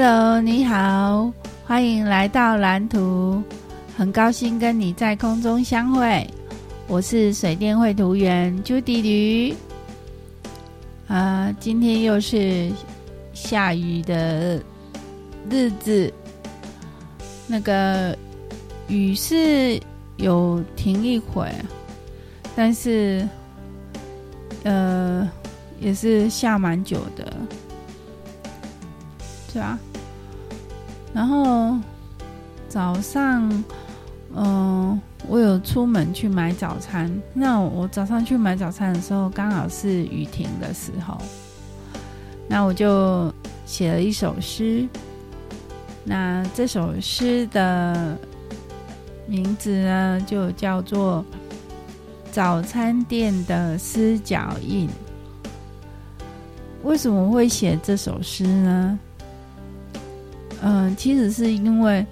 Hello，你好，歡迎來到藍圖，很高興跟你在空中相會。我是水電繪圖員朱迪驢。啊、呃，今天又是下雨的日子，那個雨是有停一會，但是呃也是下蠻久的，是吧？然後早上，嗯、呃，我有出門去買早餐。那我早上去買早餐的時候，剛好是雨停的時候。那我就寫了一首詩。那這首詩的名字呢，就叫做《早餐店的濕腳印》。為什麼會寫這首詩呢？嗯、呃，其實是因為，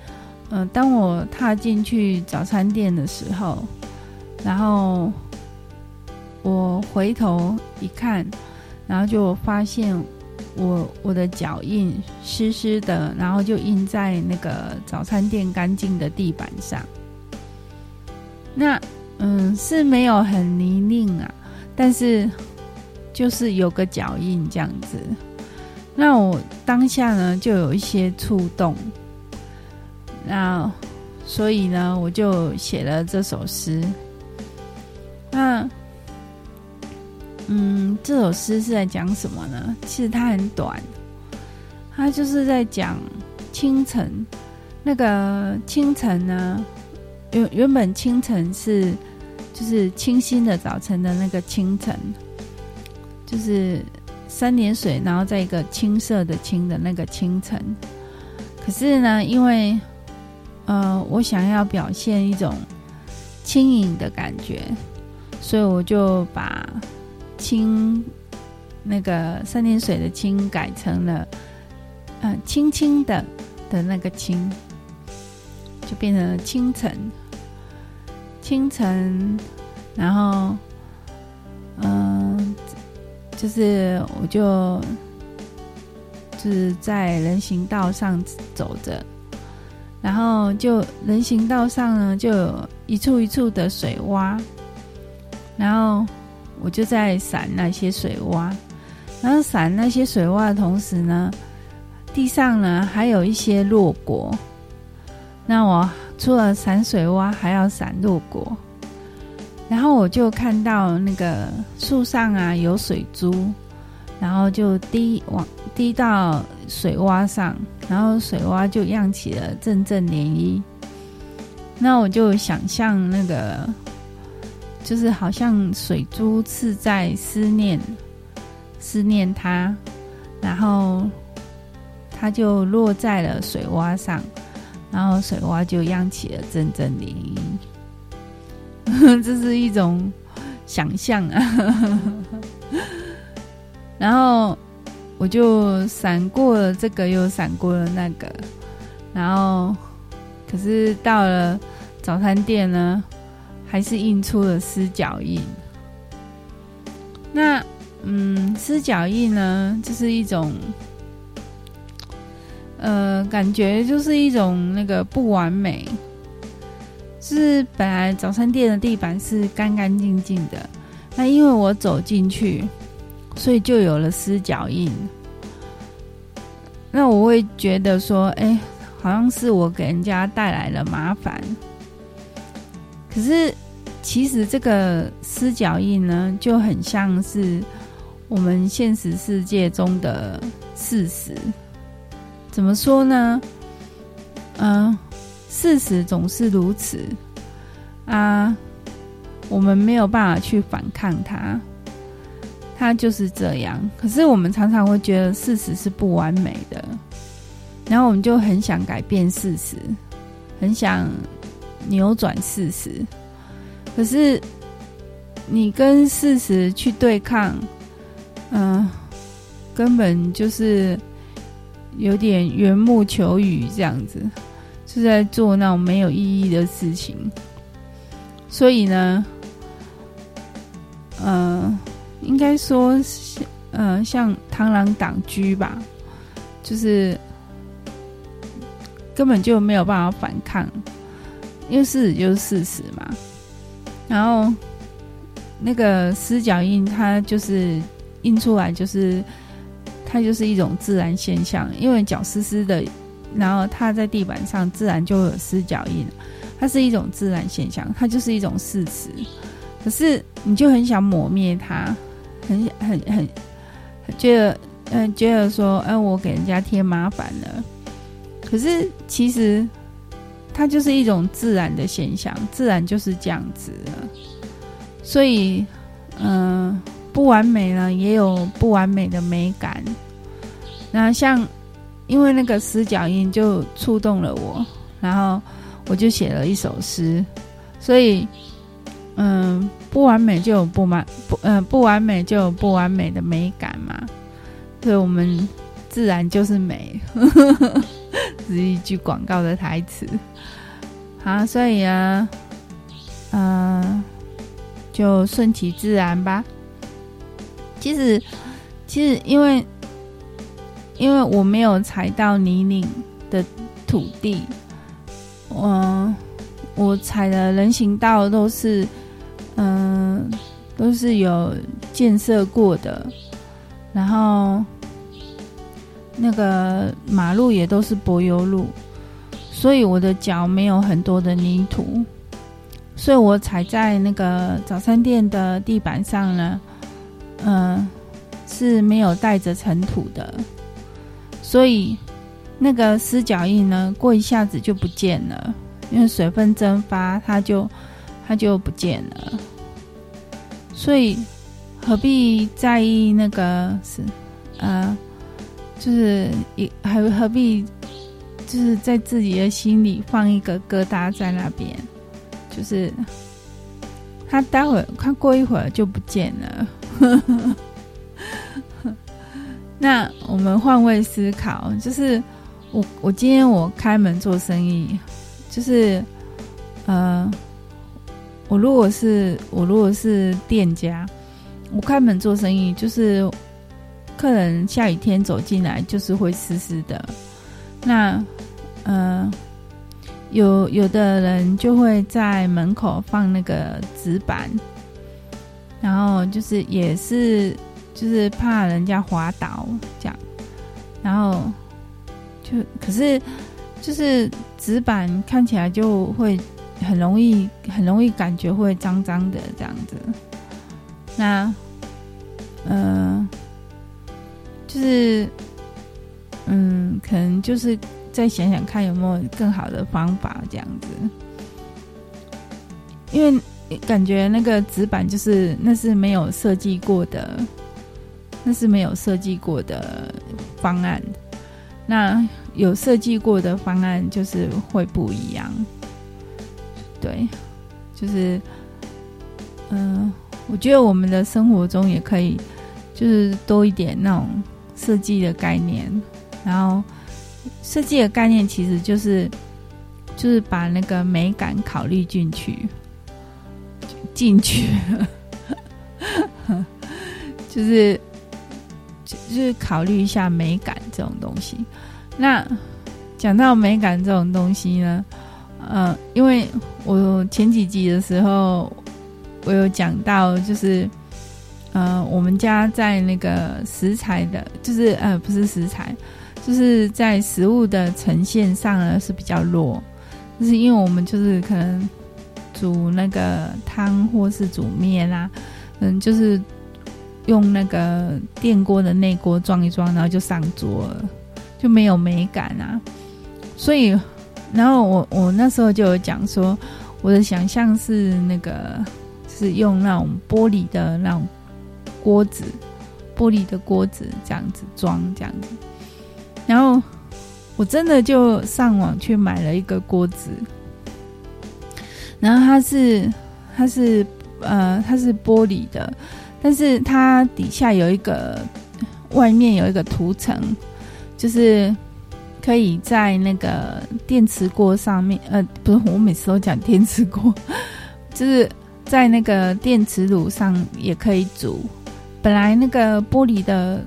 嗯、呃，當我踏進去早餐店的時候，然後我回頭一看，然後就發現我我的腳印濕濕的，然後就印在那個早餐店乾淨的地板上。那嗯，是沒有很泥濘啊，但是就是有個腳印這樣子。那我當下呢，就有一些觸動，那所以呢，我就寫了這首詩。那嗯，這首詩是在講什麼呢？其實它很短，它就是在講清晨。那個清晨呢，原原本清晨是就是清新的早晨的那個清晨，就是。三點水，然後再一個青色的青的那個清晨。可是呢，因為，呃，我想要表現一種輕盈的感覺，所以我就把青那個三點水的青改成了，嗯、呃，輕輕的的那個輕，就變成了清晨，清晨，然後，嗯、呃。就是我就就是在人行道上走着，然後就人行道上呢就有一處一處的水窪，然後我就在閃那些水窪，然後閃那些水窪的同時呢，地上呢還有一些落果，那我除了閃水窪還要閃落果。然後我就看到那個樹上啊有水珠，然後就滴往滴到水窪上，然後水窪就漾起了陣陣漣漪。那我就想象那個，就是好像水珠刺在思念思念它，然後它就落在了水窪上，然後水窪就漾起了陣陣漣漪。這是一種想象啊，然後我就閃過了這個，又閃過了那個，然後可是到了早餐店呢，還是印出了濕腳印。那嗯，濕腳印呢，這是一種，呃，感覺就是一種那個不完美。是本來早餐店的地板是乾乾淨淨的，那因為我走進去，所以就有了濕腳印。那我會覺得說，哎、欸，好像是我給人家帶來了麻煩。可是其實這個濕腳印呢，就很像是我們現實世界中的事實。怎麼說呢？嗯、呃。事實總是如此啊，我們沒有辦法去反抗它，它就是這樣。可是我們常常會覺得事實是不完美的，然後我們就很想改變事實，很想扭轉事實。可是你跟事實去對抗，嗯、呃，根本就是有點緣木求魚這樣子。是在做那種沒有意義的事情，所以呢，呃，應該說像，呃，像螳螂擋車吧，就是根本就沒有辦法反抗，因為事實就是事實嘛。然後那個濕腳印，它就是印出來，就是它就是一種自然現象，因為腳濕濕的。然後踏在地板上自然就有濕腳印，它是一種自然現象，它就是一種事實。可是你就很想抹滅它，很很很覺得嗯，覺得說、呃、我給人家添麻煩了。可是其實它就是一種自然的現象，自然就是這樣子了。所以，嗯、呃，不完美呢也有不完美的美感。那像。因為那個濕腳印就觸動了我，然後我就寫了一首詩，所以，嗯，不完美就有不完不嗯、呃、不完美就有不完美的美感嘛，所以我們自然就是美， 只是一句廣告的台詞。好，所以啊，嗯，就順其自然吧。其實，其實因為。因為我沒有踩到泥濘的土地，嗯，我我踩的人行道都是，嗯、呃，都是有建設過的，然後那個馬路也都是柏油路，所以我的腳沒有很多的泥土，所以我踩在那個早餐店的地板上呢，嗯、呃，是沒有帶着塵土的。所以，那個濕腳印呢，過一下子就不見了，因為水分蒸發，它就它就不見了。所以何必在意那個是，呃，就是一還何必就是在自己的心裡放一個疙瘩在那邊，就是他待會兒，他過一會兒就不見了。 那我們換位思考，就是我我今天我開門做生意，就是呃，我如果是我如果是店家，我開門做生意，就是客人下雨天走進來就是會濕濕的。那呃，有有的人就會在門口放那個紙板，然後就是也是。就是怕人家滑倒這樣，然後就可是，就是紙板看起來就會很容易，很容易感覺會髒髒的這樣子。那嗯、呃。就是嗯，可能就是再想想看有沒有更好的方法這樣子，因為感覺那個紙板就是那是沒有設計過的。那是沒有設計過的方案，那有設計過的方案就是會不一樣。對，就是，嗯、呃，我覺得我們的生活中也可以，就是多一點那種設計的概念。然後，設計的概念其實就是，就是把那個美感考慮進去，進去， 就是。就是考慮一下美感這種東西。那講到美感這種東西呢，呃，因為我前幾集的時候，我有講到，就是呃，我們家在那個食材的，就是呃，不是食材，就是在食物的呈現上呢是比較弱，就是因為我們就是可能煮那個湯或是煮麵啦、啊，嗯，就是。用那個電鍋的內鍋裝一裝，然後就上桌了，就沒有美感啊！所以，然後我我那時候就有講說，我的想象是那個是用那種玻璃的那種鍋子，玻璃的鍋子這樣子裝這樣子。然後我真的就上網去買了一個鍋子，然後它是它是呃它是玻璃的。但是它底下有一個，外面有一個塗層，就是可以在那個電磁鍋上面，呃，不是，我每次都講電磁鍋，就是在那個電磁爐上也可以煮。本來那個玻璃的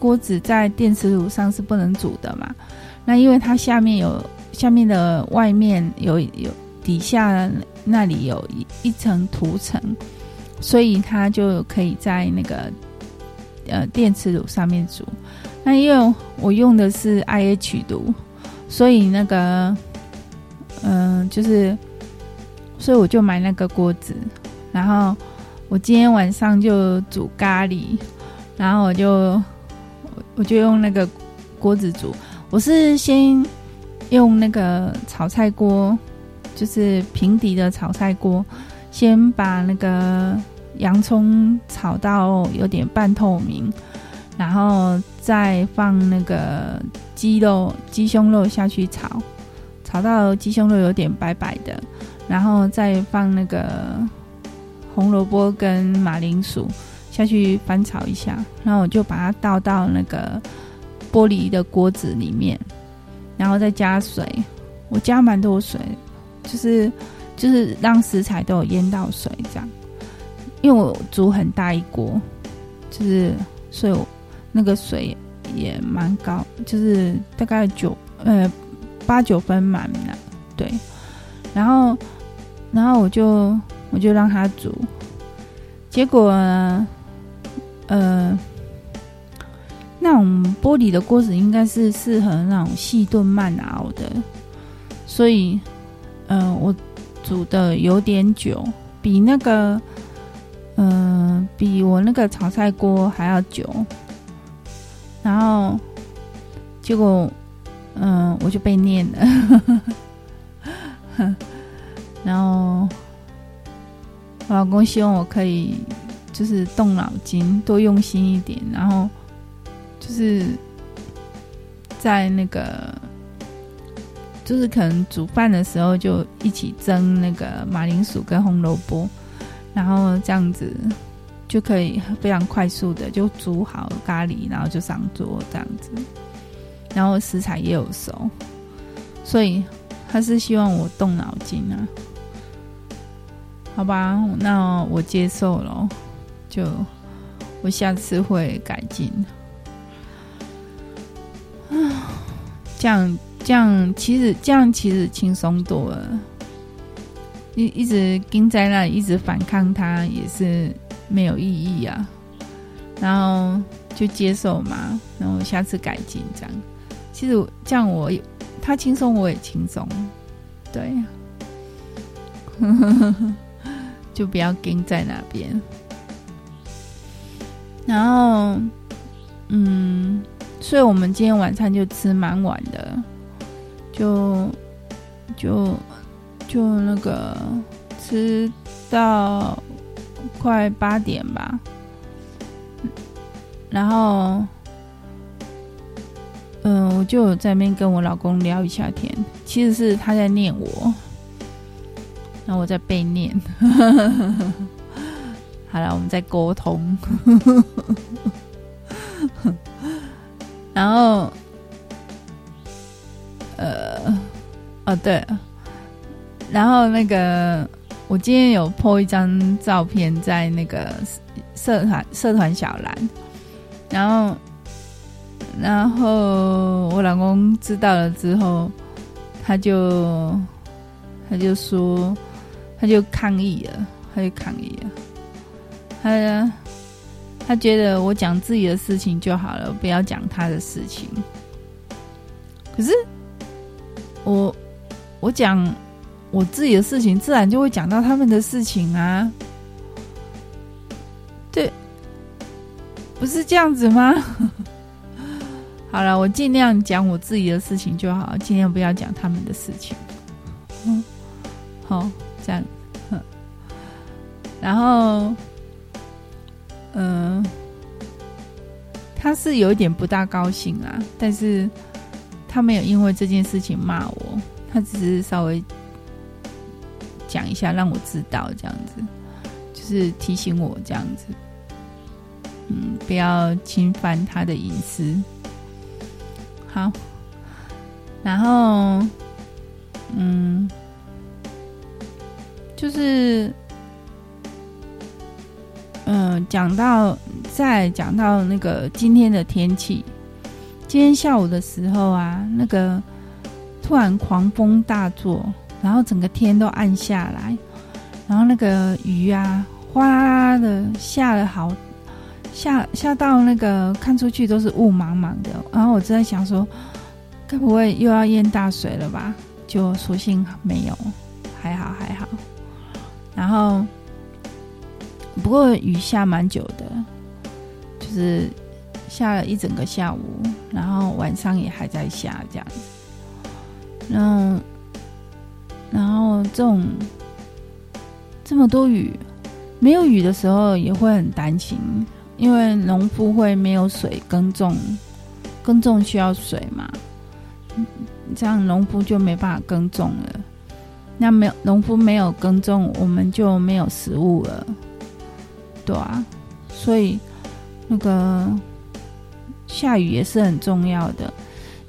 鍋子在電磁爐上是不能煮的嘛，那因為它下面有下面的外面有有底下那裡有一層塗層。所以它就可以在那個呃電磁爐上面煮。那因為我用的是 IH 爐，所以那個嗯、呃，就是所以我就買那個鍋子。然後我今天晚上就煮咖喱，然後我就我就用那個鍋子煮。我是先用那個炒菜鍋，就是平底的炒菜鍋，先把那個。洋蔥炒到有點半透明，然後再放那個雞肉、雞胸肉下去炒，炒到雞胸肉有點白白的，然後再放那個紅蘿蔔跟馬鈴薯下去翻炒一下，然後我就把它倒到那個玻璃的鍋子裡面，然後再加水，我加蠻多水，就是就是讓食材都有淹到水這樣。因為我煮很大一鍋，就是所以我那個水也蠻高，就是大概九呃，八九分滿了，對。然後然後我就我就讓他煮，結果呃，那種玻璃的鍋子應該是適合那種細燉慢熬的，所以嗯、呃、我煮的有點久，比那個。嗯，比我那個炒菜鍋還要久。然後結果，嗯，我就被念了。 然後，我老公希望我可以就是動腦筋，多用心一點。然後，就是在那個，就是可能煮飯的時候就一起蒸那個馬鈴薯跟紅蘿蔔。然後這樣子就可以非常快速的就煮好咖喱，然後就上桌這樣子，然後食材也有熟，所以他是希望我動腦筋啊，好吧，那我接受了，就我下次會改進，啊，這樣這樣其實這樣其實輕鬆多了。一一直盯在那裡，一直反抗他也是沒有意義啊。然後就接受嘛，然後下次改進這樣。其實這樣我也他輕鬆，我也輕鬆，對，呵呵呵就不要跟在那邊。然後，嗯，所以我們今天晚餐就吃蠻晚的就，就就。就那個吃到快八點吧，然後嗯、呃，我就在那邊跟我老公聊一下天，其實是他在念我，那我在背念， 好了，我們在溝通， 然後呃，哦對。然後那個，我今天有 po 一張照片在那個社團社團小藍，然後然後我老公知道了之後，他就他就說，他就抗議了，他就抗議了，他他覺得我講自己的事情就好了，不要講他的事情。可是我我講。我自己的事情自然就會講到他們的事情啊，對，不是這樣子嗎？ 好了，我盡量講我自己的事情就好，盡量不要講他們的事情。嗯，好，這樣。然後，嗯、呃，他是有一點不大高興啊，但是他沒有因為這件事情罵我，他只是稍微。講一下，讓我知道這樣子，就是提醒我這樣子，嗯，不要侵犯他的隱私。好，然後，嗯，就是，嗯，講到再講到那個今天的天氣，今天下午的時候啊，那個突然狂風大作。然後整個天都暗下來，然後那個雨啊，嘩啦啦啦的下了好下下到那個看出去都是霧茫茫的。然後我正在想說，該不會又要淹大水了吧？就所幸沒有，還好還好。然後不過雨下蠻久的，就是下了一整個下午，然後晚上也還在下這樣。然後。這種這麼多雨，沒有雨的時候也會很擔心，因為農夫會沒有水耕種，耕種需要水嘛，這樣農夫就沒辦法耕種了。那沒有農夫沒有耕種，我們就沒有食物了，對啊，所以那個下雨也是很重要的。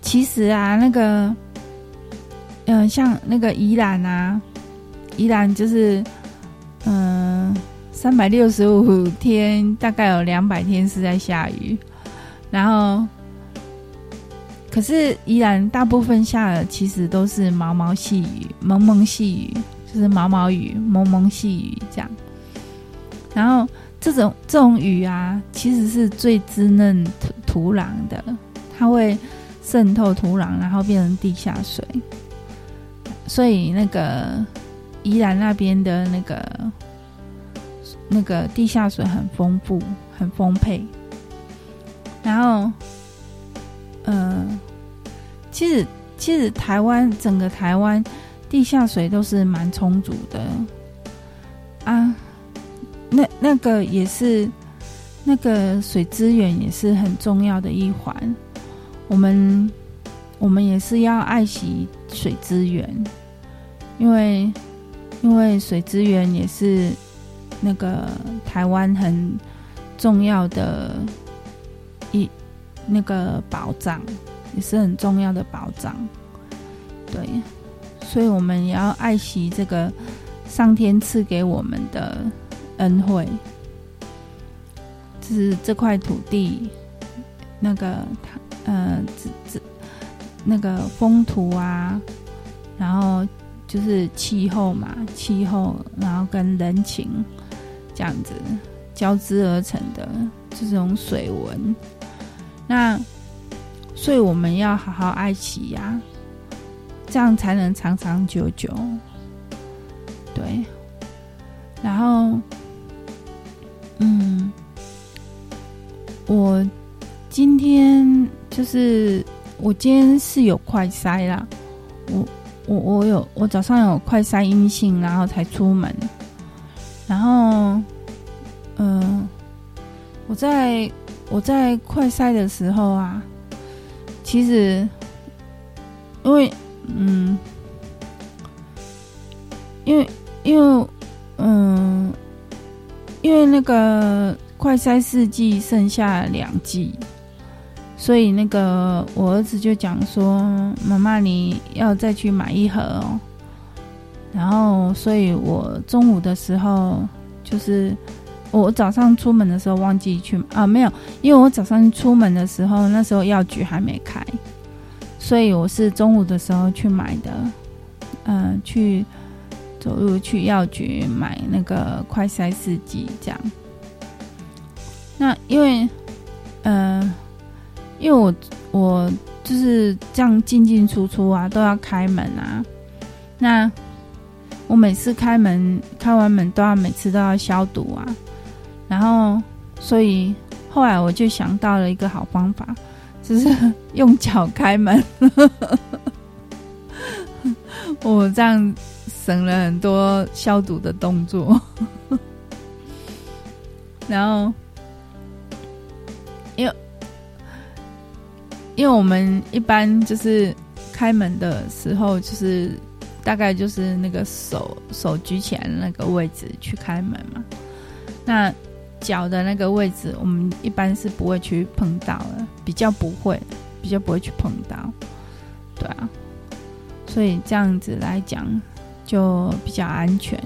其實啊，那個。嗯、呃，像那個宜蘭啊，宜蘭就是，嗯、呃，三百六十五天大概有兩百天是在下雨，然後，可是宜蘭大部分下的其實都是毛毛細雨、濛濛細雨，就是毛毛雨、濛濛細雨這樣。然後這種這種雨啊，其實是最滋潤土、土壤的，它會滲透土壤，然後變成地下水。所以那個宜蘭那邊的那個那個地下水很豐富，很豐沛。然後，呃，其實其實台灣整個台灣地下水都是蠻充足的啊。那那個也是那個水資源也是很重要的一環。我們我們也是要愛惜。水資源，因為因為水資源也是那個台灣很重要的一那個保障，也是很重要的保障。對，所以我們也要愛惜這個上天賜給我們的恩惠，就是這塊土地那個呃，這這。那個風土啊，然後就是氣候嘛，氣候然後跟人情這樣子交織而成的這種水文，那所以我們要好好愛惜呀，這樣才能長長久久，對，然後嗯，我今天就是。我今天是有快篩啦，我我我有我早上有快篩陰性，然後才出門，然後，嗯，我在我在快篩的時候啊，其實因為嗯，因為因為嗯，因為那個快篩四劑剩下兩劑。所以那個我兒子就講說，媽媽你要再去買一盒。哦。然後，所以我中午的時候，就是我早上出門的時候忘記去啊，沒有，因為我早上出門的時候那時候藥局還沒開，所以我是中午的時候去買的，呃，去走路去藥局買那個快篩試劑這樣。那因為，呃。因為我我就是這樣進進出出啊，都要開門啊。那我每次開門開完門都要每次都要消毒啊。然後，所以後來我就想到了一個好方法，就是用腳開門。是 我這樣省了很多消毒的動作。 然後，因為。因為我們一般就是開門的時候，就是大概就是那個手手舉起來那個位置去開門嘛。那腳的那個位置，我們一般是不會去碰到的，比較不會，比較不會去碰到，對啊。所以這樣子來講，就比較安全。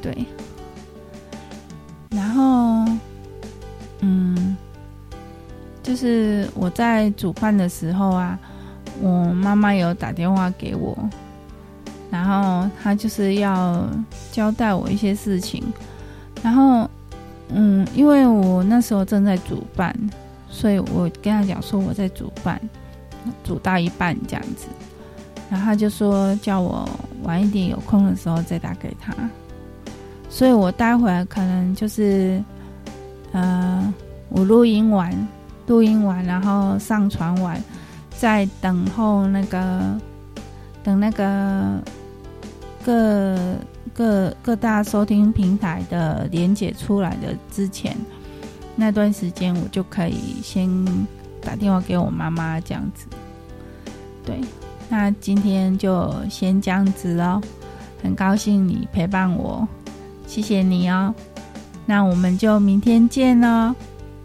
對，然後。就是我在煮飯的時候啊，我媽媽有打電話給我，然後她就是要交代我一些事情，然後嗯，因為我那時候正在煮飯，所以我跟她講說我在煮飯，煮到一半這樣子，然後她就說叫我晚一點有空的時候再打給她，所以我待會兒可能就是呃，我錄音完。錄音完，然後上傳完，再等候那個等那個各各各大收聽平台的連結出來的之前，那段時間我就可以先打電話給我媽媽這樣子。對，那今天就先這樣子咯，很高興你陪伴我，謝謝你哦、喔。那我們就明天見咯，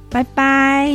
拜拜。